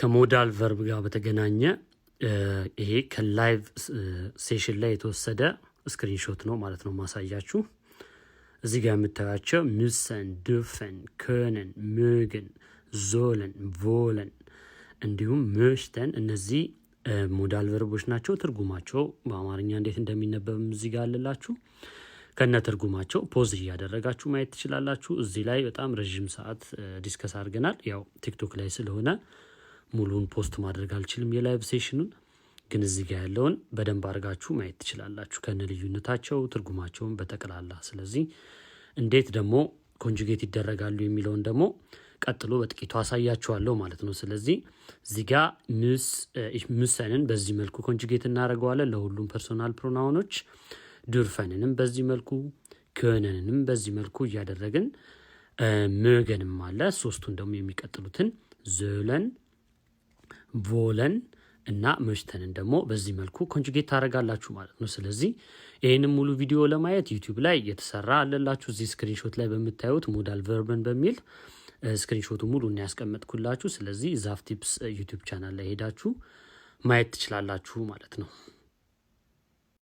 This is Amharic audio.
ከሞዳል ቨርብ ጋር በተገናኘ ይሄ ከላይቭ ሴሽን ላይ የተወሰደ ስክሪንሾት ነው ማለት ነው ማሳያችሁ። እዚህ ጋር የምታያቸው ሚሰን ድፈን፣ ከንን፣ ምግን፣ ዞለን፣ ቮለን እንዲሁም ምሽተን እነዚህ ሞዳል ቨርቦች ናቸው። ትርጉማቸው በአማርኛ እንዴት እንደሚነበብም እዚህ ጋር አለላችሁ። ከነ ትርጉማቸው ፖዝ እያደረጋችሁ ማየት ትችላላችሁ። እዚህ ላይ በጣም ረዥም ሰዓት ዲስከስ አድርገናል። ያው ቲክቶክ ላይ ስለሆነ ሙሉውን ፖስት ማድረግ አልችልም የላይቭ ሴሽኑን ግን እዚህ ጋ ያለውን በደንብ አድርጋችሁ ማየት ትችላላችሁ ከነ ልዩነታቸው ትርጉማቸውን በጠቅላላ ስለዚህ እንዴት ደግሞ ኮንጁጌት ይደረጋሉ የሚለውን ደግሞ ቀጥሎ በጥቂቱ አሳያችኋለሁ ማለት ነው ስለዚህ እዚህ ምሰንን በዚህ መልኩ ኮንጁጌት እናደርገዋለን ለሁሉም ፐርሶናል ፕሮናውኖች ዱርፈንንም በዚህ መልኩ ክህንንም በዚህ መልኩ እያደረግን ምገንም አለ ሶስቱን ደግሞ የሚቀጥሉትን ዘለን ቮለን እና መሽተንን ደግሞ በዚህ መልኩ ኮንጁጌት ታደርጋላችሁ ማለት ነው። ስለዚህ ይህንም ሙሉ ቪዲዮ ለማየት ዩቲዩብ ላይ የተሰራ አለላችሁ። እዚህ ስክሪንሾት ላይ በምታዩት ሞዳል ቨርበን በሚል ስክሪንሾቱ ሙሉ እና ያስቀመጥኩላችሁ። ስለዚህ ዛፍ ቲፕስ ዩቲዩብ ቻናል ላይ ሄዳችሁ ማየት ትችላላችሁ ማለት ነው።